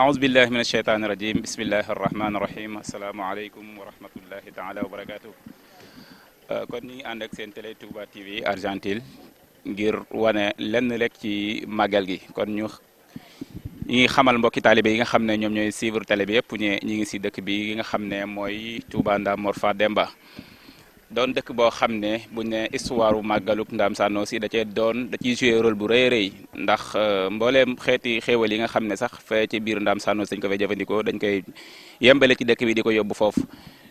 ahousubillahi min asheytaani irajim bismillahi arrahmani irahim asalaamaaleykum wa rahmatullahi taala wa barakatuh euh, kon ñu ngi ànd ak seen télé Touba TV Argentine ngir wane lenn rek ci màggal gi kon ñu ñi xamal mbokki taalibé yi nga xam ne ñoom ñooy suivre télé bi yëpp ñe ñi ngi si dëkk bi yi nga xam ne mooy Touba Ndamor demba don dëkk boo xam ne buñ ne histoire wu màggaluk Ndaam Saan aussi da cee doon da ciy joué rôle bu rëy rey ndax euh, mbooleem xeeti xéewal yi nga xam ne sax fee ci biir ndam Saan dañ ko fay jëfandikoo dañ koy yembale ci dëkk bi di ko yóbbu foofu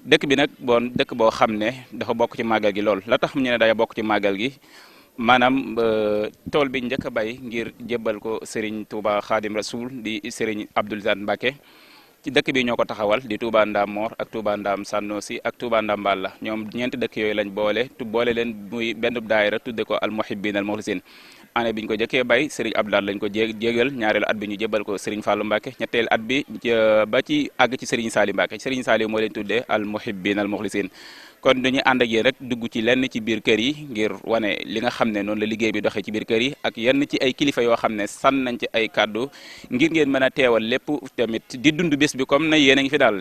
dëkk bi nag bon dëkk boo xam ne dafa bokk ci màggal gi lool la tax ñu ne day bokk ci màggal gi maanaam euh, tool bi njëkk a bay ngir jébbal ko Serigne Touba Khadim Rasoul di Serigne Abdoul Zane Mbacké ci dëkk bi ñoo ko taxawal di Touba Ndam Mor ak Touba Ndam ak Touba Ndam Balla ñoom ñeenti dëkk yooyu lañ boole tu boole leen muy benn daayira tudde ko al muhibbin al mukhlisin année bi ñu ko jëkkee bay Serigne Abdoulaye lañ ko jé jégal ñaareelu at bi ñu jébal ko Serigne Fallou Mbacke ñetteelu at bi ba ci àgg ci Serigne Saliou Mbacke Serigne Saliou moo leen tuddee al muhibbin al mukhlisin kon dañuy ànd ak yéen rek dugg ci lenn ci biir kër yi ngir wane li nga xam ne noonu la liggéey bi doxee ci biir kër yi ak yenn ci ay kilifa yoo xam ne san nañ ci ay kàddu ngir ngeen mën a teewal lépp tamit di dund bés bi comme na yéen a ngi fi daal.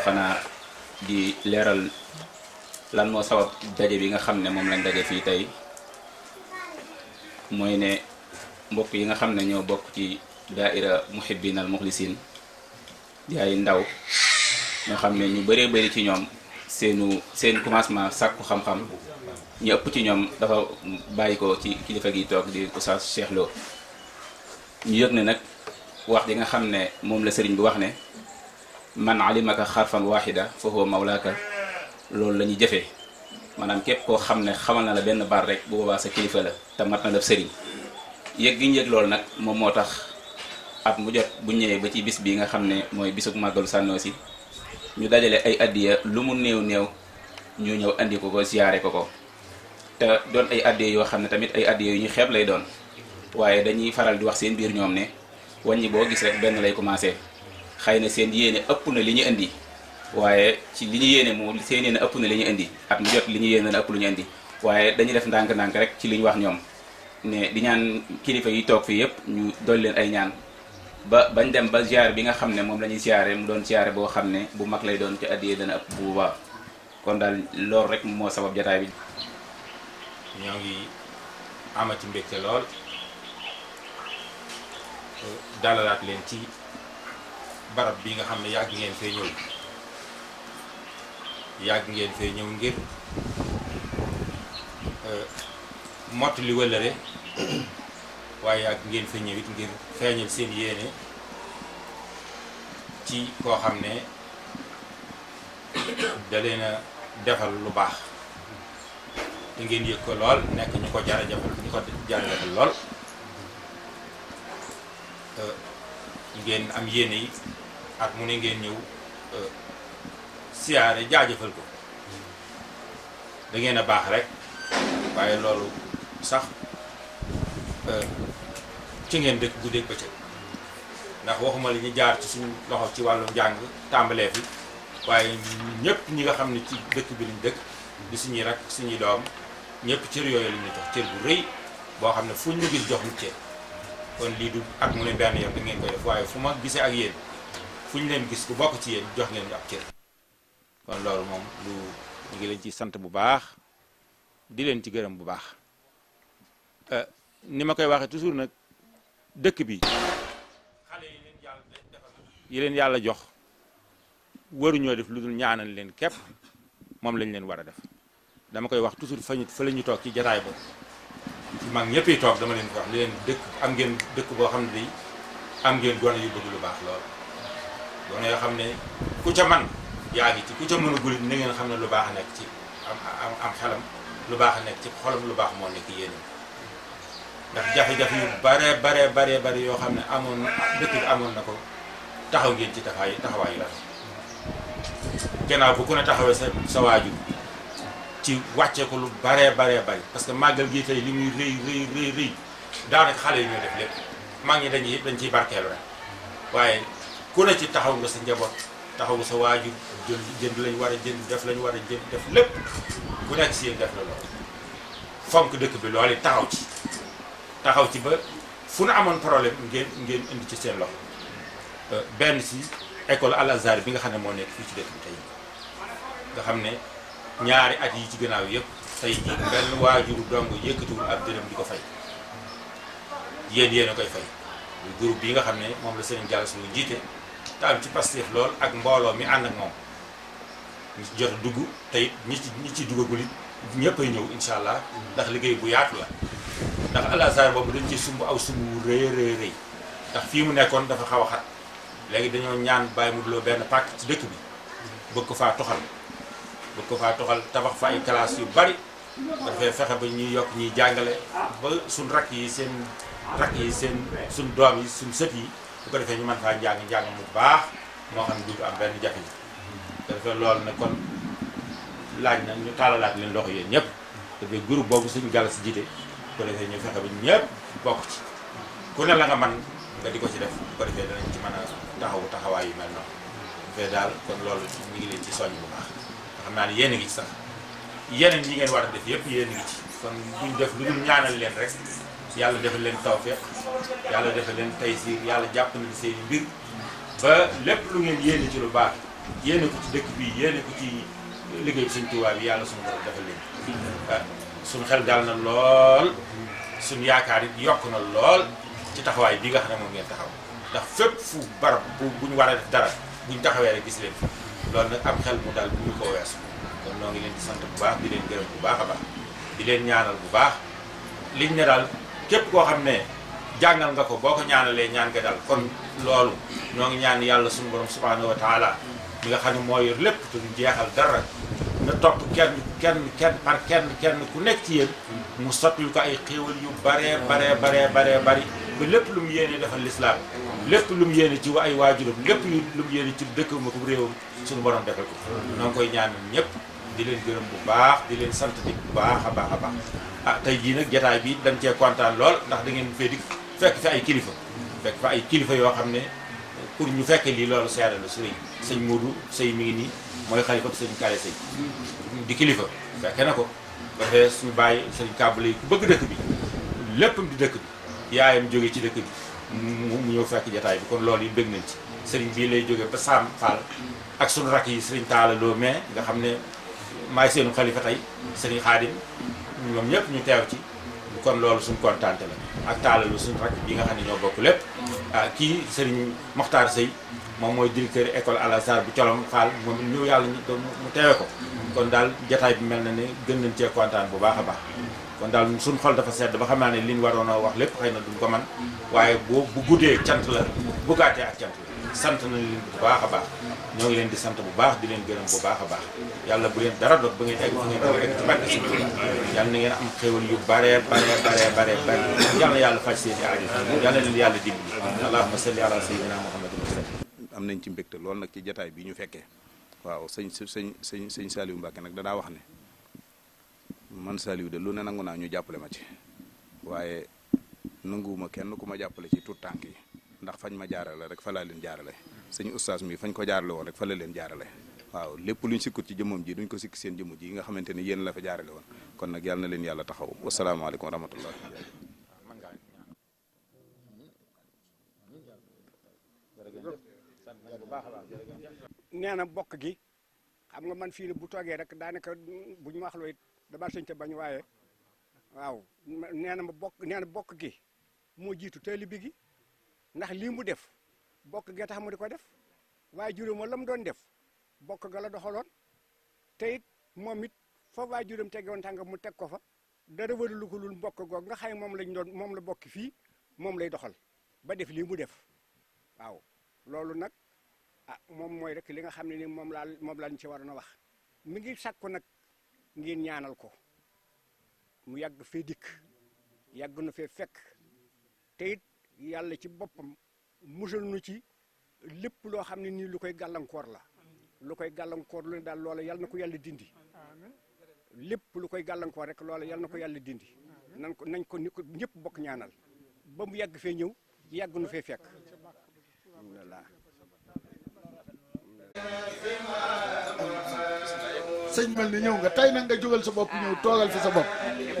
xanaa di leeral lan moo sabab daje bi nga xam ne moom lañ daje fii tey mooy ne mbokk yi nga xam ne ñoo bokk ci daaira muhibbin al muxlisin di ay ndaw ñoo xam ne ñu bëree bëri ci ñoom seenu seen commencement sàkku xam-xam ñu ëpp ci ñoom dafa bàyyi ko ci kilifa gi toog di Oustaz Cheikh ñu yëg ne nag wax ji nga xam ne moom la sëriñ bi wax ne man alimaka xarfan waaxida fa huwa mawlaaka loolu la ñuy jëfee maanaam képp koo xam ne xamal na la benn baat rek bu boobaa sa kilifa la te mat na la sëriñ yëg gi ñu yëg loolu nag moom moo tax at mu jot bu ñëwee ba ci bis bi nga xam ne mooy bisug màggalu Sànnoosi ñu dajale ay addiya lu mu néew néew ñu ñëw indi ko ko ziyaare ko ko te doon ay addiya yoo xam ne tamit ay addiya yu ñu xeeb lay doon waaye dañuy faral di wax seen biir ñoom ne wañ wàññi boo gis rek lay commencé xëy na seen yéene ëpp na li ñu indi waaye ci li ñu yéene moom seen yéene ëpp na li ñu indi at mu jot li ñu yéene na ëpp lu ñu indi waaye dañuy def ndànk-ndànk rek ci li ñu wax ñoom ne di ñaan kilifa yi toog fii yëpp ñu dolli leen ay ñaan ba bañ dem ba ziar bi nga xam ne moom lañuy ñuy mu doon ziare boo xam ne bu mag lay doon ci addiyee dana ëpp bu baax kon daal loolu rek moo sabab jataay bi ñoo ngi amati mbégte lool dalalaat leen ci barab bi nga xam ne yàgg ngeen fee ñëw yàgg ngeen fee ñëw ngir euh, mott li wëllëre waaye yàgg ngeen fee ñëw it ngir feeñal seen yéene ci koo xam ne dalee na a defal lu baax te ngeen yëg ko lool nekk ñu ko jarajafal ñu ko jarajafal lool euh, ngeen am yéene yi ak mu ne ngeen ñëw euh, siyaare jaajëfal ko dangeen ngeen a baax rek waaye loolu sax euh, ci ngeen dëkk guddeeg bëccëg ndax waxuma li ñu jaar ci suñu loxo ci wàllu njàng tàmbalee fi waaye ñëpp ñi nga xam ne ci dëkk bi lañ dëkk di suñuy rak suñuy doom ñëpp cër yooyu la ñuy jox cër bu rëy boo xam ne fu ñu gis jox mu cër kon lii du ak mu ne benn yoon da ngeen koy def waaye fu ma gisee ak yéen fu ñu leen gis ku bokk ci yéen jox ngeen ak ab cër kon loolu moom lu ñu ngi leen ci sant bu baax di leen ci gërëm bu baax euh, ni ma koy waxee toujours nag dëkk bi xale yi leen yàlla leen yàlla jox waruñoo def lu dul ñaanal leen képp moom lañ leen war a def dama koy wax toujours fa ñu fa la ñu toog ci jataay boobu ci mag ñëpp yi toog dama leen ko wax li leen dëkk am ngeen dëkk boo xam ne di am ngeen gone lu baax lool doona yoo xam ne ku ca man yaa ngi ci ku ca mën a gulit ngeen xam ne lu baax nekk ci am am am xelam lu baax nekk ci xolam lu baax moo nekk yéen ndax jafe-jafe yu bare bare bare bare yoo xam ne amoon dëkk bi amoon na ko taxaw ngeen ci taxawaay taxawaayu la gannaaw bu ku ne taxawee sa sa waaju ci wàccee ko lu bare bare bare parce que màggal gii tey li muy rëy rëy rëy rëy daanaka xale yi ñoo def lépp mag dañ ci barkeelu rek ku ne ci taxaw nga sa njaboot taxaw nga sa waajur jënd jënd lañ war a jënd def lañu war a jënd def lépp ku nekk si yéen def la loolu fonk dëkk bi loolu taxaw ci taxaw ci ba fu nu amoon problème ngeen ngeen indi ci seen loxo euh, benn si école Al bi nga xam ne moo nekk fii ci dëkk tey nga xam ne ñaari at yi ci gannaaw yëpp tey jii benn waajuru dong yëkkatiwul ab dërëm di ko fay yéen yéen a koy fay groupe bi nga xam ne moom la seen jàll suñu jiite te am ci Pastef lool ak mbooloo mi ànd ak moom ñu ci dugg tey it ñi ci ñi ci duggagul it ñëpp ay ñëw incha allah ndax liggéey bu yaatu la ndax Al boobu dañ ci sumb aw sumb wu rëy rëy rëy ndax fii mu nekkoon dafa xaw a xat léegi dañoo ñaan bàyyi mu loo benn pàkk ci dëkk bi bëgg ko faa toxal bëgg ko faa toxal tabax fa ay yu bari dafay fexe ba ñuy yokk ñuy jàngale ba suñ rakk yi seen rakk yi seen suñ doom yi suñ sët yi bu ko defee ñu mën faa jàng jàng mu baax moo xam ne duutu am benn jafe te defee kon laaj na ñu taalalaat leen loxo yéen ñëpp dafay groupe boobu suñu gàll si jiite bu ko defee ñu fexe ba ñëpp bokk ci ku ne la nga man nga di ko ci def bu ko defee danañ ci man a taxawu taxawaay yu mel noonu dafay daal kon loolu ñu ngi leen ci soññ bu baax nga xam naa ne yéen a ngi ci sax yeneen yi ngeen war a def yëpp yéen ngi ci kon duñ def lu dul ñaanal leen rek yàlla defal leen tawfeex yàlla defal leen taysiir yàlla jàpp na seen mbir ba lépp lu ngeen yéene ci lu baax yéene ko ci dëkk bi yéene ko ci liggéey bi suñ tubaab bi yàlla suñu borom defal leen suñu xel dal na lool suñu yaakaar it yokk na lool ci taxawaay bii nga xam ne moom ngeen taxaw ndax fépp fu barab bu buñ war a dara buñ taxawee rek gis leen loolu nag am xel mu dal bu ñu ko weesu kon noo ngi leen di sant bu baax di leen gërëm bu baax a baax di leen ñaanal bu baax liñ ne daal képp koo xam ne jàngal nga ko boo ko ñaanalee ñaan nga dal kon loolu ñoo ngi ñaan yàlla suñu borom subhanahu wa taala mi nga xam ne moo yor lépp te du jeexal dara na topp kenn kenn kenn par kenn kenn ku nekk ci yéen mu sottil ko ay xéewal yu bare baree baree bare bari ba lépp lu mu yéene defal lislaam lépp lu mu yéene ci ay waajuram lépp lu mu yéene ci dëkkam ak réewam suñu borom defal ko noo ngi koy ñaan ñëpp di leen gërëm bu baax di leen sant di bu baax a baax a baax ah tey jii nag jataay bi dañ cee lool ndax da ngeen fee dikk fekk fi ay kilifa fekk fa ay kilifa yoo xam ne pour ñu fekk lii loolu seere la su rëy sëñ Modou mi ngi nii mooy xalifa bi sëñ Kaale sëy di kilifa fekke na ko dafee suñu bàyyi sëñ kàbbu bëgg dëkk bi léppam di dëkk yaayam jóge ci dëkk bi mu ñëw fekk jataay bi kon lool yi bëgg nañ ci sëriñ bii lay jóge ba Sam Fall ak suñu rakk yi sëriñ Taala Lo nga xam ne maay seenu xalifa tey sëriñ xaadim ñoom ñëpp ñu teew ci kon loolu suñ kontaante la ak taalalu suñ rakk bi nga xam ne ñoo bokk lépp ah, kii sëriñ Mokhtar Sey moom mooy directeur école Al Azhar bu colom xaal moom ñu yàlla mu teewe ko kon daal jataay bi mel na ne gën nañ cee kontaan bu baax a baax kon daal suñ xol dafa sedd ba xam naa ne li ñu waroon a wax lépp xëy na duñ ko man waaye boo bu guddee cant la bu ak cant la sant nañ leen bu baax a baax ñoo ngi leen di sant bu baax di leen gërëm bu baax a baax yàlla bu leen dara dog ba ngeen egg fu ngeen doon egg ci barke si yàlla na ngeen am xéwal yu bare bare bare bare bare yàlla yàlla faj seen i aajo yàlla leen yàlla dimbali allahumma salli ala sayyidina muhammadin am nañ ci mbégte loolu nag ci jataay bi ñu fekkee waaw sëñ sëñ sëñ sëñ Saliou Mbacke nag danaa wax ne man Saliou de lu ne nangu naa ñu jàppale ma ci waaye nanguwuma kenn ku ma jàppale ci tout tànk yi ndax fañ ma jaarale rek fa laa leen jaarale sëñ ustaas mi fañ ko jaarale woon rek fa la leen jaarale waaw lépp luñ sikkut ci jëmmam ji duñ ko sikk seen jëmm ji nga xamante ne yéen la fa jaarale woon kon nag yàlla na leen yàlla taxaw wasalaamaaleykum wa rahmatullah nee na bokk gi xam nga man fii bu toogee rek daanaka ñu wax looy dama sëñ te bañ waaye waaw nee na ma bokk nee na bokk gi moo jiitu taalibe gi ndax lii mu def bokk gee tax mu di ko def waaye juróom la mu doon def bokk ga la doxaloon te moom it fa waa juróom tegewoon tànga mu teg ko fa dara waralu ko lul mbokk goog nga xam ne moom lañ doon moom la bokk fii moom lay doxal ba def lii mu def waaw loolu nag a ah moom mooy rek li nga xam ne ni moom laa moom laa ñu ci waroon a wax mi ngi sàkku nag ngeen ñaanal ko mu yàgg fee dikk yàgg na fee fekk te yàlla ci boppam musal nu ci lépp loo xam ne nii lu koy gàllankoor la lu koy gàllankoor lu ne daal loola yàlla na ko yàlla dindi lépp lu koy gàllankoor rek loola yàlla na ko yàlla dindi nan ko nañ ko ni ko bokk ñaanal ba mu yàgg fee ñëw yàgg nu fee fekk voilà sëñ mel ñëw nga tey nag nga jógal sa bopp ñëw toogal fi sa bopp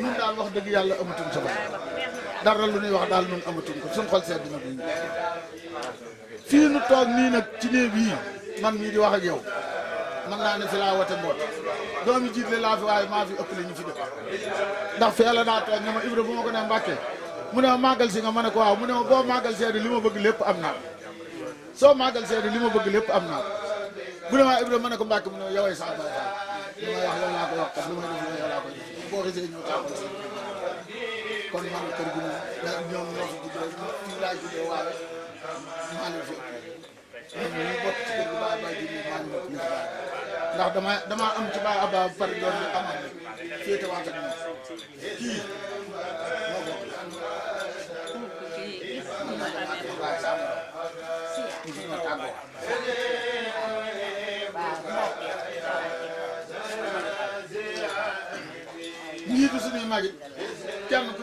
ñun daal wax dëgg yàlla amatuñ sa bopp dara lu ñuy wax daal nun amatuñ ko suñ xol sedd na fii nu toog nii nag ci néeg yii man mii di wax ak yow man naa ne fi laa wate mboot doomi jiitle laa fi maa fi ëpp la ñu fi dëkk ndax fi yàlla daa ne ma Ibra bu ma ko ne Mbàkke mu ne ma màggal si nga ma ne ko waaw mu ne ma boo màggal seede li ma bëgg lépp am naa soo màggal seede li ma bëgg lépp am naa bu ne maa Ibra ma ne ko Mbàkke mu ne ma yowee sa baay li ma wax yow laa ko wax kat lu kon man kër gi moom ndax ñoom ñoo fi juddoo fii laa juddoo waaye maa leen fi ëpp ñun ñu bokk ci kër gi ba abaa ji maa leen ëpp ñu ndax dama dama am ci ba abaa ba pare doon amal féete waat ak moom kii moo bokk njiitu suñuy mag it kenn ku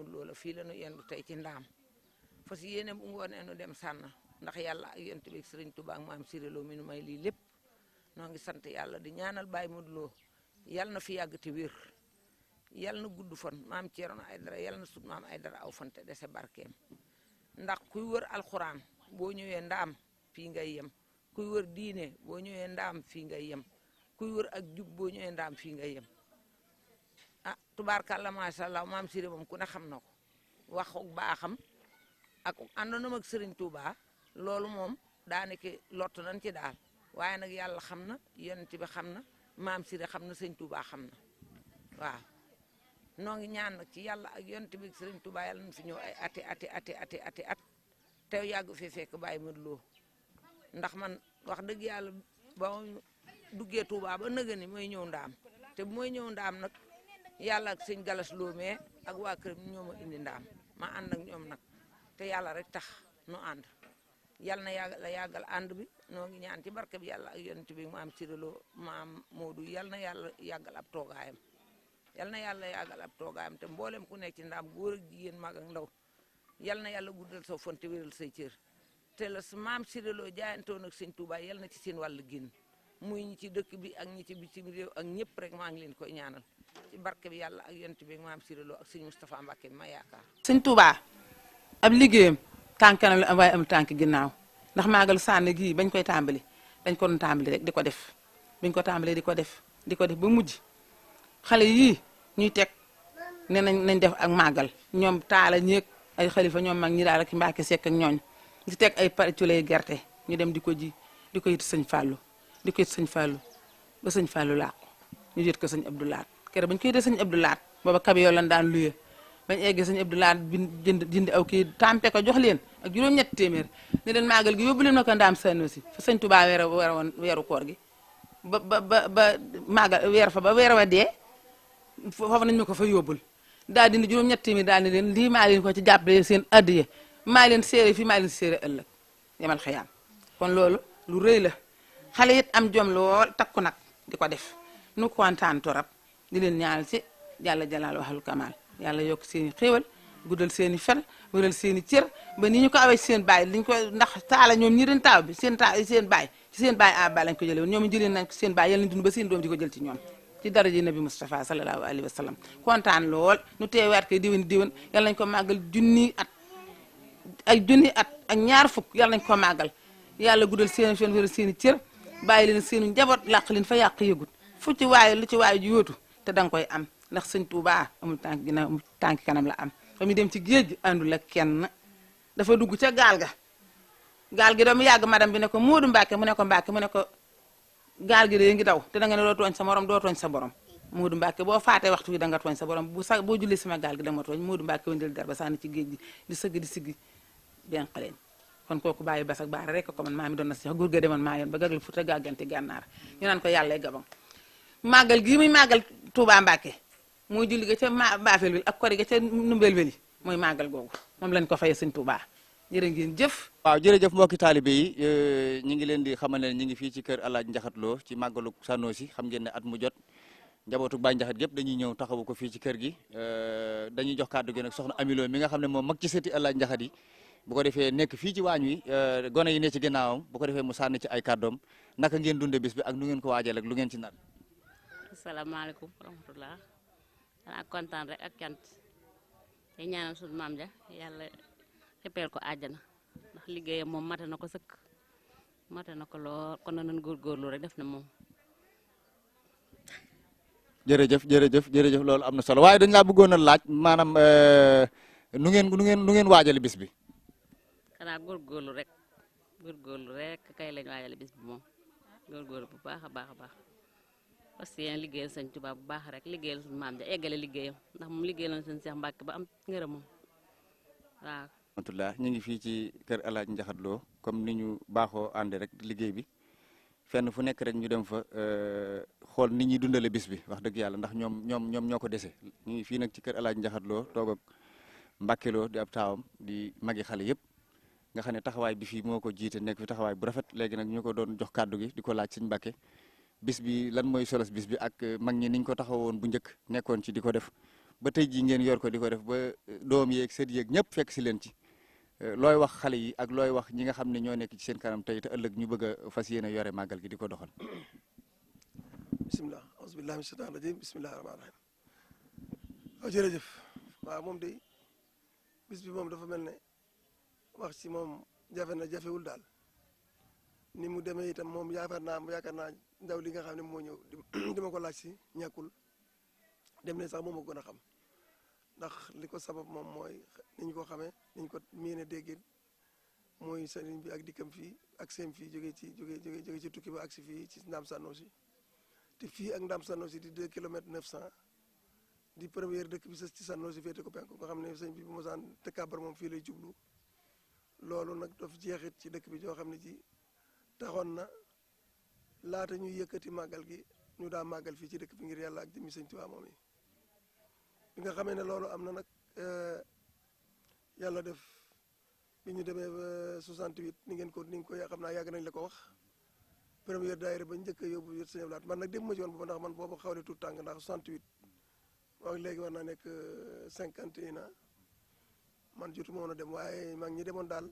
amul fii la ñu yendu tey ci ndaam fas yéene bu ngoonee nu dem sànn ndax yàlla ak yonent bi sëriñ Tuubaa maam Siré Lo mi may lii lépp noo ngi sant yàlla di ñaanal Baye Modou Lo yàlla na fi yàgg te wér yàlla na gudd fan maam ay Aydara yàlla na sut maam dara aw fan te dese barkeem ndax kuy wër alxuraan boo ñëwee ndaam fii ngay yem kuy wër diine boo ñëwee ndaam fii ngay yem kuy wër ak jub boo ñëwee ndaam fii ngay yem. tubaarkàlla macha allah maam Siré moom ku ne xam na ko waxu baaxam ak àndoonam ak Serigne Touba loolu moom daanaka lott nañ ci daal waaye nag yàlla xam na yonent bi xam na maam Siré xam na sëñ Touba xam na waaw noo ngi ñaan nag ci yàlla ak yonent bi Serigne Touba yàlla nañ fi ñëw ay ati ati ati ati ati at tew yàgg fi fekk bàyyi ma loo ndax man wax dëgg yàlla ba duggee Touba ba nëgëni mooy ñëw ndaam te mooy ñëw ndaam nag. yàlla ak sëñ galas loomee ak waa këram ñoo ma indi ndaam ma ànd ak ñoom nag te yàlla rek tax nu ànd yàlla na yàgg la yàggal ànd bi noo ngi ñaan ci barke bi yàlla ak yonent bi mu am siraloo maam Moodu yàlla na yàlla yàggal ab toogaayam yàlla na yàlla yàggal ab toogaayam te mboolem ku nekk ci ndaam góor ak jigéen mag ak ndaw yàlla na yàlla guddal sa fonte wéral say cër te la maam siraloo jaayantoon ak sëñ Tuubaa yàlla na ci seen wàll génn muy ñi ci dëkk bi ak ñi ci bitim réew ak ñëpp rek maa ngi leen koy ñaanal ci barke bi yàlla ak yonent bi maam Sirelo ak sëñ Moustapha Mbacke bi ma yaakaar. sëñ Touba ab liggéeyam tànk kanam la waaye am tànk ginnaaw ndax maagal sànni gii bañ koy tàmbali dañ ko doon di ko def buñ ko tàmbalee di ko def di ko def ba mujj xale yi ñuy teg ne nañ nañ def ak maagal ñoom taala ñeeg ay xalifa ñoom mag ñi daal ak Mbacke Seck ak ñooñ di teg ay pare ci gerte ñu dem di ko ji di ko yit sëñ Fallou di ko it sëñ Fallou ba sëñ Fallou làqu ñu jot ko sëñ Abdou Lahat keroog bañ ko yitee sëñ Abdou Lahat booba kabi yoo lan daan luye bañ eggee sëñ Abdou Lahat bi jënd jënd aw kii tàmpe ko jox leen ak juróom ñett téeméer ne leen maagal gi yóbbu leen ma ko ndaam sànni aussi fa sëñ Touba weer weeru koor gi ba ba ba ba maagal weer fa ba weer wa dee nañ ma ko fa yóbbul daal dindi juróom-ñetti daal di leen lii maa leen ko ci jàppale seen addiye maa leen séeré fii maa leen séeré ëllëg yamal xëyaam kon loolu lu rëy la xale it am jom lool takku nag di ko def nu kontaan torop di leen ñaanal ci yàlla jalaal waxal kamal yàlla yokk seeni xéewal guddal seeni fen wëral seeni cër ba ni ñu ko awee seen baay liñ ko ndax taala ñoom ñi den taaw bi seen ta seen baay ci seen baay abba lañ ko jëlee woon ñoom jëlee nañ ko seen baay yàlla nañ dund ba seen doom di ko jël ci ñoom ci daraji nabi Moustapha sallallahu alayhi wa sallam kontaan lool nu teewaat koy déwén déwén yàlla nañ ko màggal junni at ak junni at ak ñaar fukk yàlla nañ ko màggal yàlla guddal seen fen bàyyi leen seenu njaboot làq leen fa yàq yëgut fu ci waaye lu ci waaye ju yóotu te da koy am ndax sëñ Tuubaa amul tànk ginnaaw amul tànk kanam la am fa mu dem ci géej gi àndul ak kenn dafa dugg ca gaal ga gaal gi doomu yàgg madame bi ne ko Moodu Mbàkke mu ne ko Mbàkke mu ne ko gaal gi dee daw te da nga ne doo tooñ sa morom doo tooñ sa borom Moodu Mbàkke boo faatee waxtu wi da nga sa borom bu sa boo jullee sama gaal gi da nga ma tooñ ba sànni ci géej gi di sëgg di siggi benqaleen kon kooku bàyyi bas ak baara rek ko man maa mi doon na si góor ga demoon maa yoon ba gaglu futa gàgganti gànnaar ñu naan ko yàlla gabon màggal gii muy màggal Touba Mbacke muy julli ga ca ma baafel wil ak kori ga ca numbel weli mooy màggal googu moom lañ ko faye sëñ Touba jërë ngeen jëf waaw jërëjëf mbokki taalibe yi euh, ñi ngi leen di xamal ne ñi ngi fii ci kër alaaj njaxatloo ci màggalu Sanosi xam ngeen ne at mu jot njabootu Baay Njaxat yëpp dañuy ñëw taxawu ko fii ci kër gi euh, dañuy jox kàddu gi nag soxna Amilo mi nga xam ne moom mag ci seeti alaaj njaxat yi bu ko defee nekk fii ci waañ wi euh, gone yi ne ci ginnaawam bu ko defee mu sànni ci ay kàddoom naka ngeen dunde bis bi ak nu ngeen ko waajale ak ci nar. asalaamaaleykum wa rahmatulah xanaa kontaan rek ak cant te ñaanal suñu maam ja yàlla xëppeel ko àjjana ndax liggéeyam moom mate na ko sëkk mate rek def na moom. jërëjëf jërëjëf jërëjëf loolu am na solo waaye dañ laa bëggoon a laaj maanaam euh, nu ngeen nu ngeen nu ngeen waajale bis bi. xanaa góorlu rek góorgóorlu rek kay lañ waajale bis bi moom góorgóorlu bu baax a baax a baax parce que yéen liggéeyal sëñ Tuubaa bu baax rek liggéeyal suñu maam ja eggale liggéeyam ndax moom liggéey na sëñ Seex Mbàkke ba am ngërëm moom ñu ngi fii ci kër El Hadj comme ni ñu baaxoo ànd rek liggéey bi fenn fu nekk rek ñu dem fa euh, xool ni ñuy dundale bis bi wax dëgg yàlla ndax ñoom ñoom ñoom ñoo ko dese ñu ngi fii nag ci kër El Hadj Ndiakhate Lo di ab taawam di magi xale yëpp. nga xam ne taxawaay bi fii moo ko jiite nekk fi taxawaay bu rafet léegi nag ñu ko doon jox kàddu gi di ko laaj sëñ Mbàkke bis lan mooy solos bis bi ak mag ñi niñ ko taxawoon bu njëkk nekkoon ci di ko def ba tey jii ngeen yor ko di ko def ba doom yeeg sët yeeg ñëpp fekk si leen ci looy wax xale yi ak looy wax ñi nga xam ne ñoo nekk ci seen kanam tey te ëllëg ñu bëgg a fas yéene yore màggal gi di ko doxal bisimilah aousubillahi min shaytaan rajim bisimilahi rahmaani rahim jërëjëf waaw moom day bis bi moom dafa mel ne wax ci moom jafe na jafewul daal ni mu demee itam moom yaakaar naa mu yaakaar naa ndaw li nga xam ne moo ñëw di dima ko laaj si ñàkkul dem ne sax moom a gën a xam ndax li ko sabab moom mooy ni ñu ko xamee ni ñu ko miine déggee mooy sëriñ bi ak dikkam fii ak seen fii jógee ci jógee jógee ci tukki ba ak si fii ci Ndam Sanosi te fii ak Ndam Sanosi di 2 kilomètres 900 di première dëkk bi sës ci Sanosi féete ko penku nga xam ne sëñ bi bu mosaan te kàbbar moom fii lay jublu. loolu nag daf jeexit ci dëkk bi joo xam ne ji taxoon na laata ñuy yëkkati màggal gi ñu daa màggal fii ci dëkk bi ngir yàlla ak jëmmi sëñ Tuubaa moom bi nga xamee ne loolu am na nag euh, yàlla def bi ñu demee ba 68 ni ngeen ko ni nga ko xam naa yàgg nañ la ko wax première daayira ba njëkk a yóbbu yët sëñ man nag dem ma ci woon booba ndax man boobu xawle tuut tàng ndax 68 waaw léegi war naa nekk euh, cinquante ans man jotu ma woon a dem waaye maa ngi ñi demoon daal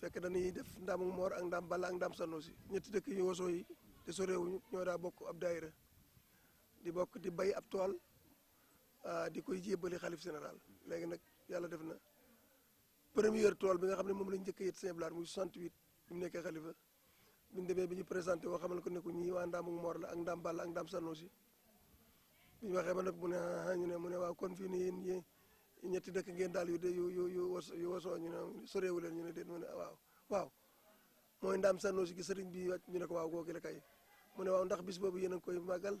fekk dañuy def ndaamu moor ak ndaam balla ak ndaam Sanosi dëkk yu woso yi te soreewuñu ñoo bokk ab daayira di bokk di bay ab tool ah, di koy jébbali xalif général léegi nag yàlla def na première tool bi nga xam ne moom lañ njëkk a yët Sëñ Blaat muy 68 bi nekkee xalifa bi ñu demee bi ñu présenté ko ne ko waa ndaamu moor la ak ndaam balla ak ndaam Sanosi bi ñu waxee ba nag mu ne ah, ñu ne mu ne waaw kon fii nii yéen ñetti dëkk ngeen daal yu de yu yu yu was yu wasoo ñu ne soreewu leen ñu ne déet mu waaw waaw mooy ndaam sànnoo si gi sëriñ bi wàcc ñu ne ko waaw googu la kay mu ne waaw ndax bis boobu yéen ngi koy màggal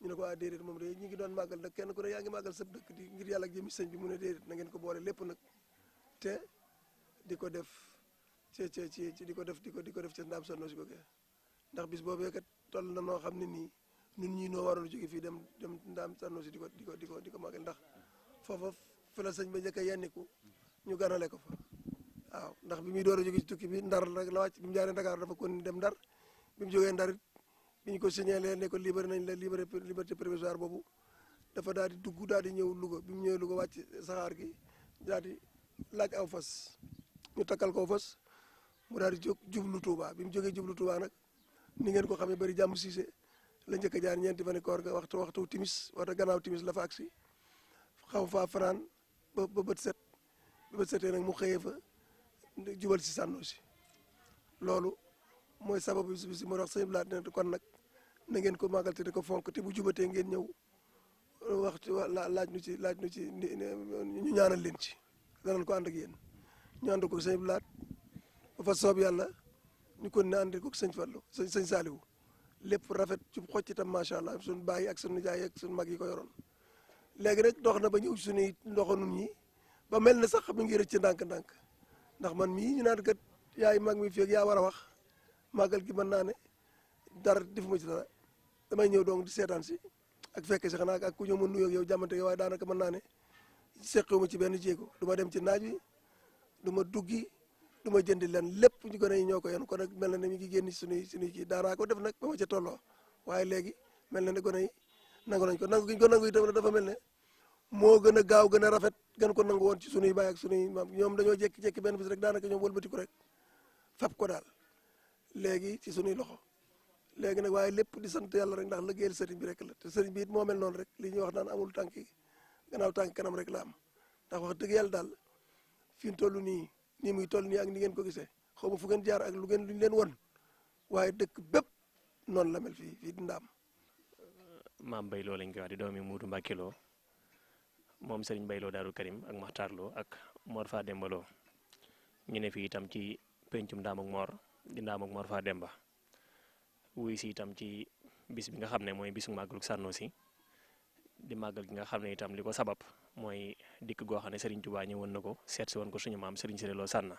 ñu ne ko waaw moom de ñu ngi doon màggal nag kenn ku ne yaa ngi màggal sëb dëkk di ngir yàlla ak jëmi sëñ bi mu ngeen ko boole lépp te di ko def ci ci ci di ko def di ko di ko def ci ndaam sànnoo si googu ndax bis boobee kat toll na noo xam ne nii ñun ñii noo waroon jóge fii dem dem ndaam sànnoo si di ko di ko di ko di ko màggal ndax foofa fa la sëñ ba njëkk a ko ñu ganale ko fa waaw ndax bi muy door a jóge ci tukki bi ndar rek la wàcc bi mu jaaree Dakar dafa kon dem ndar bi mu jógee ndar bi ñu ko signalé ne ko libéré nañ la libéré liberté provisoire boobu dafa daal di dugg daal di ñëw Louga bi mu ñëwee Louga wàcc saxaar gi daal di laaj aw fas ñu takkal ko fas mu daal di jóg jublu Touba bi mu jógee jublu Touba nag ni ngeen ko xamee bari jàmm siise la njëkk a jaar ñeenti fan koor ga waxtu waxtu timis waxtu gannaaw timis la fa agsi xaw faa fanaan ba ba bët set ba bët setee nag mu xëyee fa jubal si Sànnoosi loolu mooy sababu bis bi si ma wax sëñ Blaat ne kon nag na ngeen ko màggal ko fonk bu jubatee ngeen ñëw wax ci laaj nu ci laaj nu ci ñu ñaanal leen ci danañ ko ànd ak yéen ñu ànd ko sëñ Blaat ba fa soob yàlla ñu kon ne ànd ko sëñ Fallu sëñ Saaliwu lépp rafet ci xocc itam macha allah suñu baay ak suñu nijaay ak suñu mag yi ko yoroon léegi rek dox na ba ñëw suñuy ndoxanun ñi ba mel na sax xam ngi rëcc ndànk-ndànk ndax man mi ñu naan kat yaay mag mi feeg yaa war a wax màggal gi mën naa ne dara def ci dara damay ñëw donc di seetaan si ak fekke si xanaa ku ñëw mën nuyoo yow jàmmante yow waaye daanaka mën naa ne seqewuma ci benn jéego du ma dem ci naaj wi duma ma duggi du ma jëndi leen lépp ñu gën a ñoo ko yen kon nag mel na ne mi ngi génn suñuy suñuy kii daanaa ko def nag ba ma ca tolloo waaye léegi mel na ne gone yi nangu nañ ko nangu giñ ko nangu itam dafa mel ne moo gën a gaaw gën a rafet gën ko nangu woon ci sunuy baay ak sunuy maam ñoom dañoo jékki-jékki benn bis rek daanaka ñoom wëlbatiku rek fab ko daal léegi ci sunuy loxo léegi nag waaye lépp di sant yàlla rek ndax liggéeyal sëriñ bi rek la te sëriñ bi it moo mel noonu rek li ñuy wax naan amul tànk gannaaw tànk kanam rek la am ndax wax dëgg yàlla daal fi mu toll nii nii muy toll nii ak ni ngeen ko gisee xaw ma fu ngeen jaar ak lu ngeen lu leen won waaye dëkk bépp noonu la mel fii fii maam Bayloo lañ koy wax di doomi Muudu Mbàkke Loo moom sëriñ Bayloo daalu Karim ak Maxtaar ak Mor Faa Demba Loo ñu ne fi itam ci pencum ndaam Mor di ndaam Mor Faa Demba wuy si ci bis bi nga xam ne mooy bisu màggalu Sànnoosi di màggal gi nga xam ne itam li ko sabab mooy dikk goo xam ne Serigne Touba ñëwoon na ko seet si woon ko suñu maam Serigne Siré Lo Sanna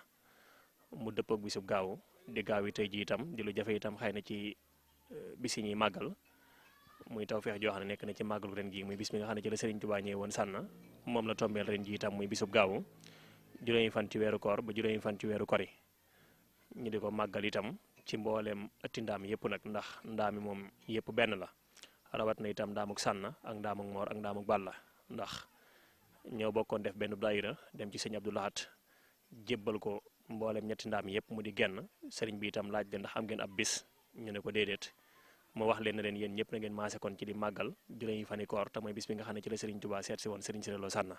mu dëpp ak bisub gaaw di gaaw yi tey ji itam di lu jafe itam xay na ci eh, bis yi ñuy màggal muy tawfeex joo xam ne nekk na ci màggalu ren jii muy bis bi nga xam ne ci la Serigne Touba woon sànna moom la tombeel ren jii itam muy bisub gaawu juróomi fan ci weeru koor ba juróomi fan ci weeru kori ñu di ko màggal itam ci mbooleem ëtti ndaam yëpp nag ndax ndaami moom yëpp benn la rawat na itam ndaamuk sànna ak ndaamuk moor ak ndaamuk la ndax ñoo bokkoon def benn daayira dem ci sëñ Abdou Lahat jébbal ko mbooleem ñetti ndaam yëpp mu di genn sëriñ bi itam laaj leen ndax am ngeen ab bis ñu ne ko déedéet moo wax leen ne leen yéen ñëpp na ngeen maase kon ci di màggal juróomi fani koor te mooy bis bi nga xam ne ci la Serigne Touba seet si woon Serigne Siré Lo Sanna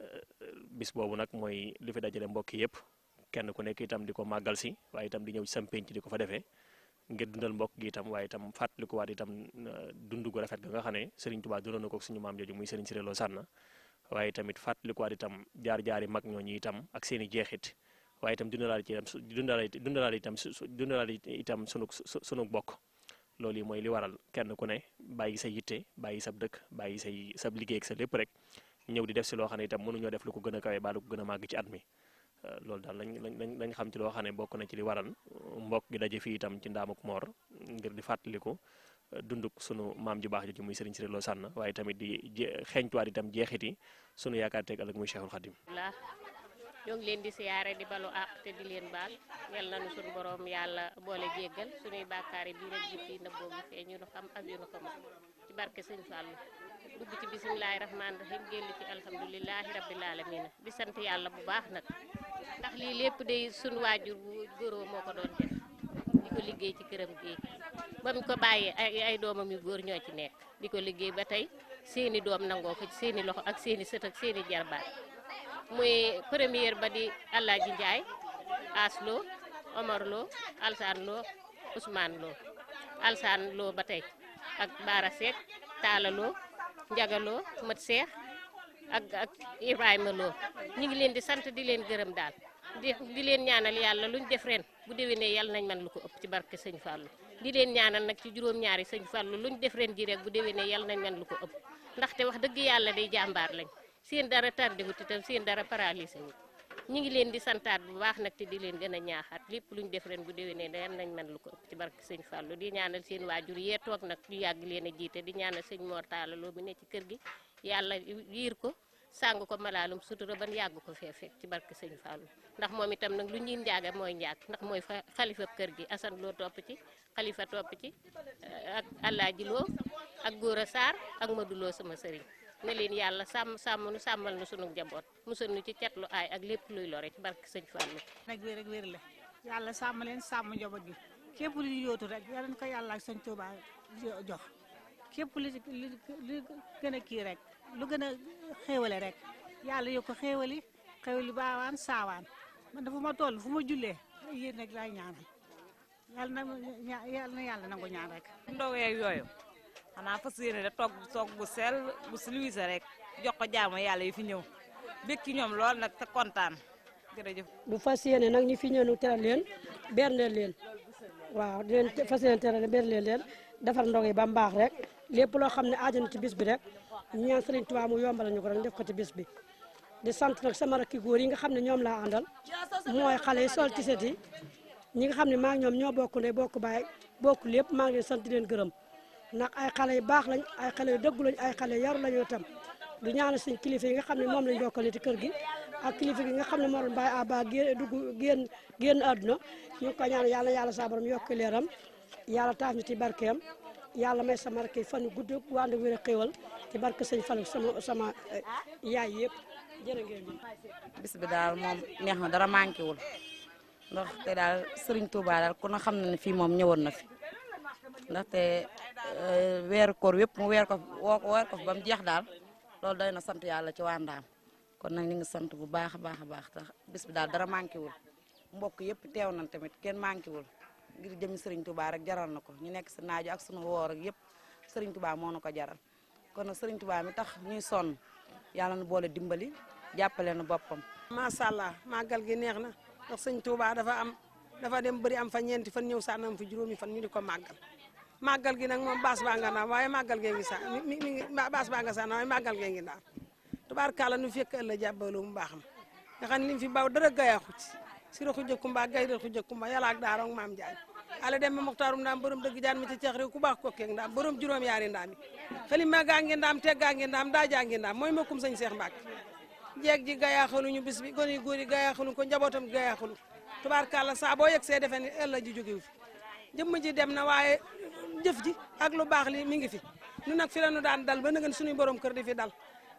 euh, bis boobu nag mooy lu fi dajale mbokk yëpp kenn ku nekk itam di ko màggal si waaye itam di ñëw ci penc di ko fa defee ngir dundal mbokk gi itam waaye itam fàttalikuwaat itam euh, dund gu rafet ga nga xam ne Serigne Touba dundoon na ko suñu maam jooju muy Serigne Siré Lo Sanna waaye tamit fàttalikuwaat itam jaar-jaari mag ñooñu itam ak seen i jeexit waaye itam dundalaat ci itam dundalaat dundalaat itam dundalaat itam sunu sunu bokk loolu yi mooy li waral kenn ku ne bàyyi sa yitte bàyyi sab dëkk bàyyi say sab liggéey ak sa lépp rek ñëw di def si loo xam ne itam mënuñoo def lu ko gën a kawe ba lu ko gën a màgg ci at mi euh, loolu daal lañ lañ lañ xam ci loo xam ne bokk na ci li waral mbokk gi daje fii itam ci ndaamuk moor ngir di fàttaliku euh, dunduk sunu maam ju baax ji muy Serigne Siré loo Sànn waaye tamit di xeeñtuwaat itam jeexiti sunu yaakaar teeg ëllëg muy Cheikhul Khadim ñoo ngi leen di siyaare di balu àq te di leen baal yal na nu suñu borom yàlla boole jéggal suñuy bàkkaar yi bii rek jib yi nëbboo bu fee ñu nu xam ak yu nu xamul ci barke sëñ Fàllu dugg ci bisimilahi rahmaani rahim génn ci alhamdulilahi rabbil alamin di sant yàlla bu baax nag ndax lii lépp day suñu waajur bu góoroo moo ko doon def di ko liggéey ci këram géej ba mu ko bàyyee ay ay doomam yu góor ñoo ci nekk di ko liggéey ba tey seeni doom nangoo ko ci seeni loxo ak seeni sët ak seeni jarbaat muy première ba di Alaaji Njaay Aslo Omar Lo Alsaan Lo Alsaan Lo ba tey ak Baara taalaloo njagaloo Lo Mat Seex ak ak Ibrahima Lo ñu ngi leen di sant di leen gërëm daal di di leen ñaanal yàlla luñ def ren bu déwénee yàlla nañ man lu ko ëpp ci barke sëñ Fallou di leen ñaanal nag ci juróom-ñaari sëñ lu ñu def ren ji rek bu déwénee yàlla nañ man lu ko ëpp ndaxte wax dëgg yàlla day jàmbaar lañ seen dara tardé wut itam seen dara paralysé wut ñu ngi leen di santaat bu baax nag te di leen gën a ñaaxaat lépp lu ñu def ren bu déwénee ne yam nañ man lu ko ci barke sëñ Fallou di ñaanal seen waajur yee toog nag ñu yàgg leen a jiite di ñaanal sëñ Mortala loo bu ne ci kër gi yàlla yiir ko sàng ko malaalum sutura ban yàgg ko fee ci barke sëñ Fallou ndax moom itam nag lu ñuy njaaga mooy njaag ndax mooy xalifa kër gi Assane loo topp ci xalifa topp ci ak Alaaji ak Góora Sarr ak Madou Loo sama sëriñ ne yàlla sàmm sàmm nu sàmmal nu sunu njaboot musal nu ci catlu aay ak lépp luy lore ci barke sëñ Fallou. nag wér ak wér la yàlla sàmm leen sàmm njaboot gi képp lu ñu yóotu rek yal na ko yàlla ak sëñ Touba jox képp lu lu gën a kii rek lu gën a xéewale rek yàlla yokk ko xéewali xéewali baawaan saawaan man ma toll fu ma jullee yéen rek laay ñaanal yàlla na yàlla na nangu ñaan rek. ndogu yeeg yooyu. xanaa fas yéene da togg togg bu sel bu silwise rek jox ko jaamu yàlla yi fi ñëw bëgg ñoom lool nag te kontaan jërëjëf. bu fas yéene nag ñi fi ñëw ñu teral leen berndeel leen waaw di leen fas yéene teral berndeel leen defar ndog yi ba mu baax rek lépp loo xam ne aaju na ci bis bi rek ñu ñaan Sëriñ Tuubaa mu yombal ñu ko rek def ko ci bis bi. di sant nag sama rakki góor yi nga xam ne ñoom la àndal mooy xale yi sol ci set yi ñi nga xam ne maa ngi ñoom ñoo bokk ndey bokk baay bokk lépp maa ngi leen sant di leen gërëm. ndax ay xale yu baax lañ ay xale yu dëggu lañ ay xale yaru lañu tam du ñaanal suñ kilifa yi nga xam ne moom lañ bokkale ci kër gi ak kilifa gi nga xam ne moo doon bàyyi Abba gé dugg génn génn àdduna ñu ko ñaan yàlla yàlla saa borom yokk leeram yàlla taaf ñu ci barkeem yàlla may sama rakk fan yu gudd wànd wér a xéwal ci barke sëñ Fallu sama sama eh, yaay yëpp jërë bi daal moom neex na dara manqué wul ndax te daal sëriñ Touba daal ku na xam na ne fii moom ñëwoon na fi. ndaxte euh, weeru koor yëpp mu weer ko woo ba mu jeex daal loolu doy na sant yàlla ci waa Ndaam kon nag ñu nga sant bu baax a baax a baax tax bis bi daal dara manqué wul mbokk yëpp teew nañ tamit kenn manqué wul ngir jëmi Serigne Touba rek jaral na ko ñu nekk si naaju ak sunu woor ak yëpp Serigne Touba moo na ko jaral kon nag Serigne Touba mi tax ñuy sonn yàlla na boole dimbali jàppale na boppam. macha allah màggal gi neex na ndax sëñ Touba dafa am dafa dem bëri am fa ñeenti fan ñëw sànni am fa fan ñu di ko màggal. màggal gi nag moom baas baa nga ndaam waaye màggal gee ngi sa mi ngi baas baa nga sa waaye màggal gee ngi ndaam tubaarkàlla nu fekk ëlla jàbbaloo mu baax ma nga xam lim fi baw dara gayaxu ci si raxu jëkkumba gay raxu jëkkumba yalaak daarong maam jaay ala dem ba muxtaarum ndaam borom dëgg jaan mi ci ceex ku baax kokkeeg ndaam borom juróom yaari ndaam yi xalima gaa ngi ndaam teggaa ngi ndaam daajaa ngi ndaam mooy makkum sëñ Seex Mbàkke jeeg ji gayaaxaluñu bis bi gone góor yi gayaaxaluñ ko njabootam gayaaxaluñ tubaarkàlla saa boo yegg see defe ne ëlla ji jógewu fi jëmm ji dem na waaye jëf ji ak lu baax li mi ngi fi nu nag fi la nu daan dal ba na ngeen suñuy borom kër di fi dal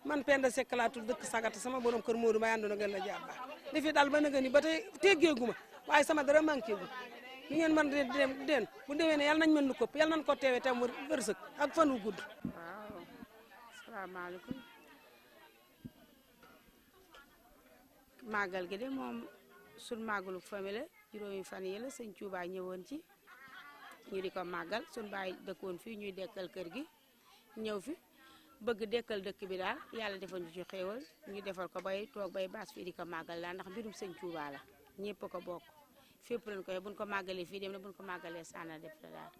man Penda Seck laa dëkk sagata sama borom kër Modou Mbaye àndoon ak la jàpp baax di fi dal ba na ngeen ni ba tey teggeegu ma waaye sama dara manqué gu li ngeen mën di bu demee ne nañ mën nu kopp nan nañ ko teewe tam wërsëg ak fan wu gudd. waaw asalaamaaleykum màggal gi de moom sunu màggalu famille la juróomi fan yi la sëñ Touba ñëwoon ci. ñu di ko màggal suñu baay dëkkoon fii ñuy dekkal kër gi ñëw fi bëgg dekkal dëkk bi daal yàlla defal ñu ci xéewal ñu defal ko bay toog bay baas fii di ko màggal daal ndax mbirum sëñ Tuubaa la ñëpp ko bokk fépp lañ koy buñ ko màggalee fii dem na buñ ko màggalee sànna def la daal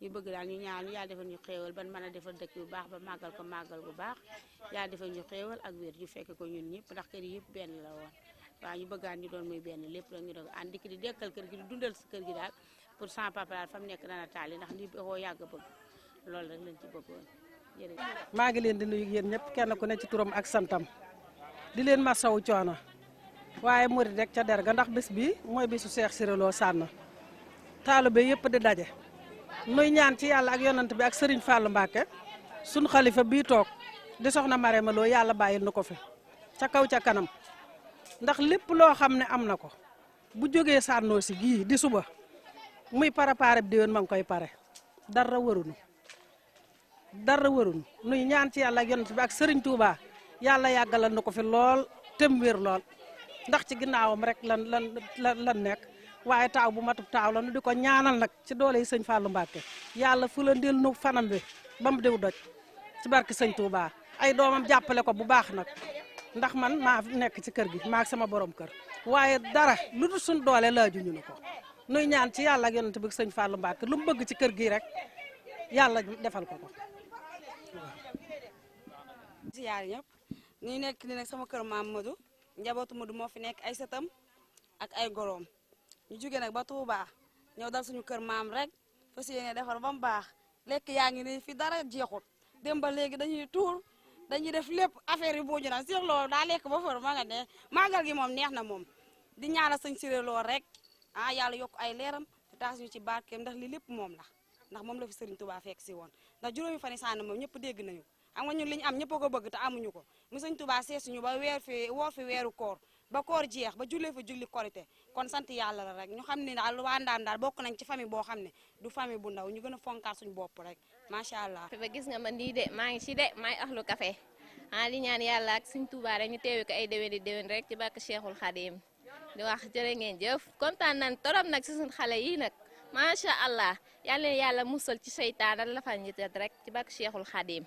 ñu bëgg daal ñu ñaan yàlla defal ñu xéewal ban mën a defal dëkk bu baax ba màggal ko màggal bu baax yàlla defal ñu xéewal ak wér ñu fekk ko ñun ñëpp ndax kër yëpp benn la woon waaw ñu bëggaan ñu doon muy benn lépp rek ñu doon ànd di dekkal kër gi di dundal kër gi daal pour sama papa daal fa mu nekk dana taali ndax lii koo yàgg bëgg loolu rek lañ ci bëggoon maa ngi leen di nuyu yéen ñëpp kenn ku ne ci turam ak santam di leen masawu coono waaye murid rek ca derga ndax bés bi mooy bésu Cheikh Cissé Lo Sànn taalibe yëpp di daje nuy ñaan ci yàlla ak yonant bi ak Serigne Fallou Mbacke sunu xalifa bii toog di soxna Marème Lo yàlla bàyyil nu ko fi ca kaw ca kanam ndax lépp loo xam ne am na ko bu jógee sànnoo si gii di suba muy para pare bi déwén ma ngi koy pare dara warunu dara warunu nuy ñaan ci yàlla ak yonent bi ak sëriñ Touba yàlla yàggalal na ko fi lool tem wér lool ndax ci ginnaawam rek lan lan lan nekk waaye taaw bu matub taaw la nu di ko ñaanal nag ci doole yi sëñ Fallou Mbacke yàlla fu la ndil nu fanam bi ba mu diw doj ci barke sëñ Touba ay doomam jàppale ko bu baax nag ndax man maa nekk ci kër gi maa ak sama borom kër waaye dara lu dul suñ doole laajuñu ñu ko nuy ñaan ci yàlla ak yonent bi sëñ Fallou baak lu mu bëgg ci kër gi rek yàlla defal ko ko. ziyaar ñëpp ñu nekk ni nag sama kër maam Madou njabootu Madou moo fi nekk ay sëtam ak ay goroom ñu jógee nag ba Touba ñëw dal suñu kër maam rek fas yéene defar ba mu baax lekk yaa ngi nii fi dara jeexut dem ba léegi dañuy tuur dañuy def lépp affaire yi buuju na Seex Lo daa lekk ba fër ma nga ne màggal gi moom neex na moom di ñaanal sëñ Siré Lo rek. ah yàlla yokk ay leeram te taas ñu ci barkeem ndax li lépp moom la ndax moom la fi Serigne Touba fekk si woon ndax juróomi fan yi sànni moom ñëpp dégg nañu xam nga ñun li ñu am ñëpp ko bëgg te amuñu ko mu Serigne Touba seesuñu ba weer fi woor fi weeru koor ba koor jeex ba jullee fa julli korité kon sant yàlla la rek ñu xam ne daal waa Ndam daal bokk nañ ci famille boo xam ne du famille bu ndaw ñu gën a fonkaat suñu bopp rek macha allah. ba gis nga man lii de maa ngi ci de maay axlu café ah li ñaan yàlla ak Serigne Touba rek ñu teewe ko ay déwén di déwén rek ci barke Cheikhul Khadim di wax jërë ngeen jëf kontaan nañ torop nag si suñ xale yi nag macha allah yàlla musal ci seytaan ak lafa njëtat rek ci bak seexul Khadim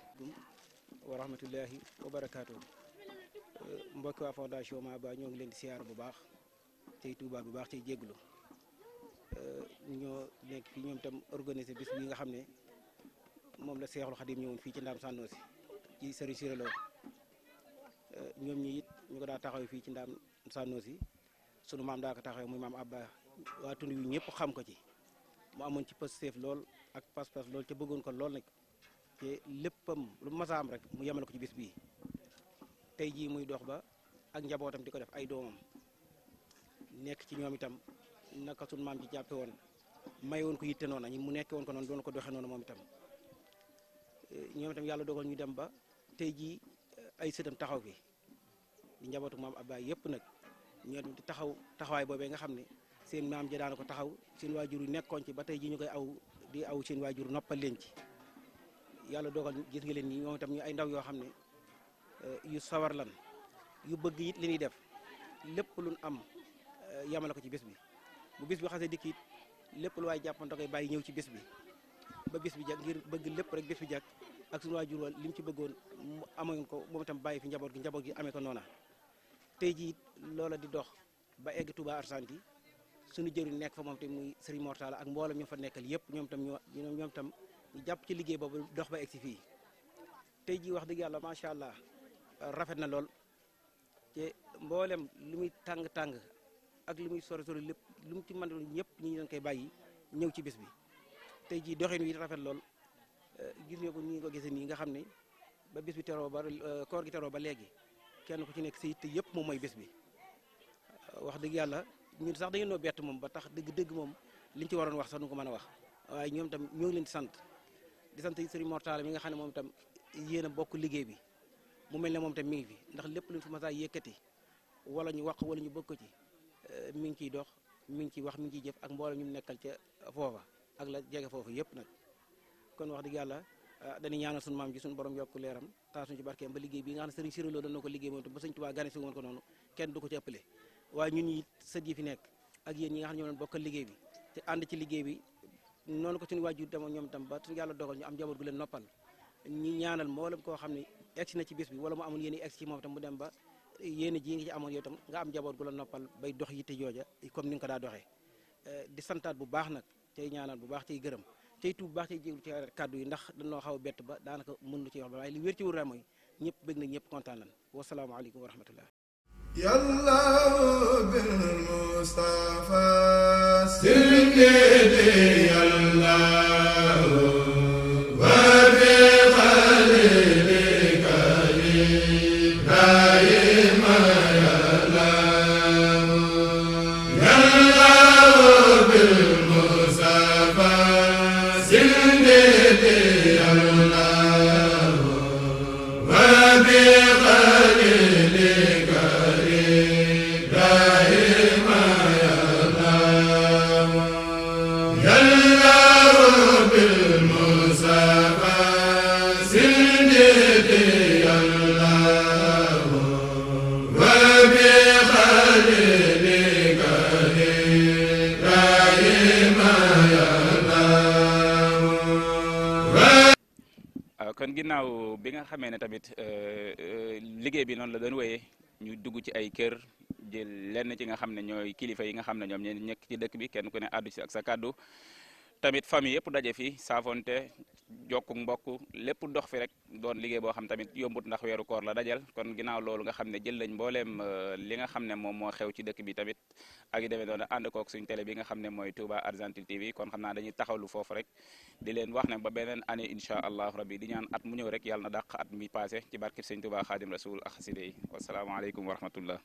wa rahmatullahi wa barakaatu mbokki waa fondation Maba ñoo ngi leen di siyaar bu baax tey tuubaat bu baax ci jégglu ñoo nekk fii ñoom itam organisé bis bi nga xam ne moom la Cheikhul Khadim ñëwoon fii ci Ndaam Sannoosi ci Serigne Sirelo ñoom ñi it ñu ko daa taxaw fii ci Ndaam Sannoosi sunu maam daa ko taxawee muy maam Abba waa tund wi ñëpp xam ko ci mu amoon ci pasteef lool ak pas-pas lool ca bëggoon ko lool nag te léppam lu masaam rek mu yemal ko ci bis bii tey jii muy dox ba ak njabootam di ko def ay doomam nekk ci ñoom itam naka sunu maam ci jàppe woon maye woon ko yitte noona ñu mu nekk woon ko noonu doon ko doxe noonu moom itam eh, ñoom itam yàlla dogal ñu dem ba tey jii eh, ay sëtam taxaw fi di njabootu maam Abba yépp nag ñoom di taxaw taxawaay boobee nga xam ne seen maam ji daan ko taxaw seen waajur yu nekkoon ci ba tey ji ñu koy aw di aw seen waajur noppal leen ci yàlla dogal gis nga leen ni ñoom itam ñu ay ndaw yoo xam ne eh, yu sawar lan yu bëgg it li ñuy def lépp luñ am eh, yamale ko ci bés bi bu bés bi xasee dikk it lépp lu waay jàppante koy bàyyi ñëw ci bis bi ba bés bi jag ngir bëgg lépp rek bés bi jag ak suñu waajur wa li mu ci bëggoon mu amoon ko moom itam bàyyi fi njaboot gi njaboot gi amee ko noona tey jii loola di dox ba egg Touba Arsanti suñu jëriñ nekk fa moom te muy Serigne Mor ak mboolem ñoo fa nekkal yëpp ñoom tam ñoo tam jàpp ci liggéey boobu dox ba si fii tey jii wax dëgg yàlla macha allah rafet na lool te mboolem lu muy tàng-tàng ak lu muy sore sori lépp lu mu ci mën doon ñëpp ñi ñu doon koy bàyyi ñëw ci bis bi tey jii doxin wi rafet lool gis nga ko ñu ngi ko gisee nii nga xam ne ba bés bi teroo ba koor gi teroo ba léegi kenn ku ci nekk sa yitte yëpp moom mooy bés bi wax dëgg yàlla ñun sax dañu noo bett moom ba tax dëgg-dëgg moom liñ ci waroon wax sax nu ko mën a wax waaye ñoom tam ñoo ngi leen di sant di sant Serigne mortale mi nga xam ne moom itam yéen a bokk liggéey bi mu mel ne moom tam mi ngi fi ndax lépp luñ fi mas a yëkkati wala ñu wax wala ñu bëgg ko ci eh, mi ngi ciy dox mi ngi ciy wax mi ngi ciy jëf ak mboolem ñu nekkal ca foofa ak la jege foofu yëpp nag kon wax yàlla Ah, dañuy ñaanal suñu maam ji suñu borom yokk leeram taasuñu ci barkeem ba liggéey bi nga xam ne sëriñ Siré Lo doon noonu ko fi nekk ak yéen ñi nga xam ne ñoo liggéey bi te ànd ci liggéey bi noonu ko suñu waajur demoon ñoom tam ba suñu yàlla dogal ñu am jaboot gu ñaanal mboolem koo xam ne egsi na ci bis bi wala mu amoon yéen egsi ci moom tam mu dem ba yéen ji nga amoon yow nga am jaboot gu la noppal bay dox yitte jooja comme ni nga ko daa doxee eh, di santaat bu baax nag tey ñaanal bu baax tey gërëm tey tuub baax tey jéglu ci kàddu yi ndax dañoo xaw a bett ba daanaka mën na ci wax ba waaye li wér ci wër mooy ñëpp bëgg na ñëpp kontaan nañ wasalaamaaleykum wa rahmatullah yàlla bin bi nga xamee ne tamit euh, euh, liggéey bi noonu la doon wéyee ñu dugg ci ay kër jël lenn ci nga xam ne ñooy kilifa yi nga xam ne ñoom ñoo nekk ci dëkk bi kenn ku ne àddu ak sa kàddu tamit famille yëpp daje fi saafonte jokku mbokk lépp dox fi rek doon liggéey boo xam tamit yombut ndax weeru koor la dajal kon ginnaaw loolu nga xam ne jël lañ mbooleem euh, li nga xam ne moom moo xew ci dëkk bi tamit ak yu demee doon ànd kook suñ télé bi nga xam ne mooy Touba Argentine TV kon xam naa dañuy taxawlu foofu rek di leen wax ne ba beneen année incha allah rabbi di ñaan at mu ñëw rek yàlla na at mi passé ci barkib sëñ Touba Xaadim Rasul ak xaside yi wasalaamaaleykum wa rahmatullah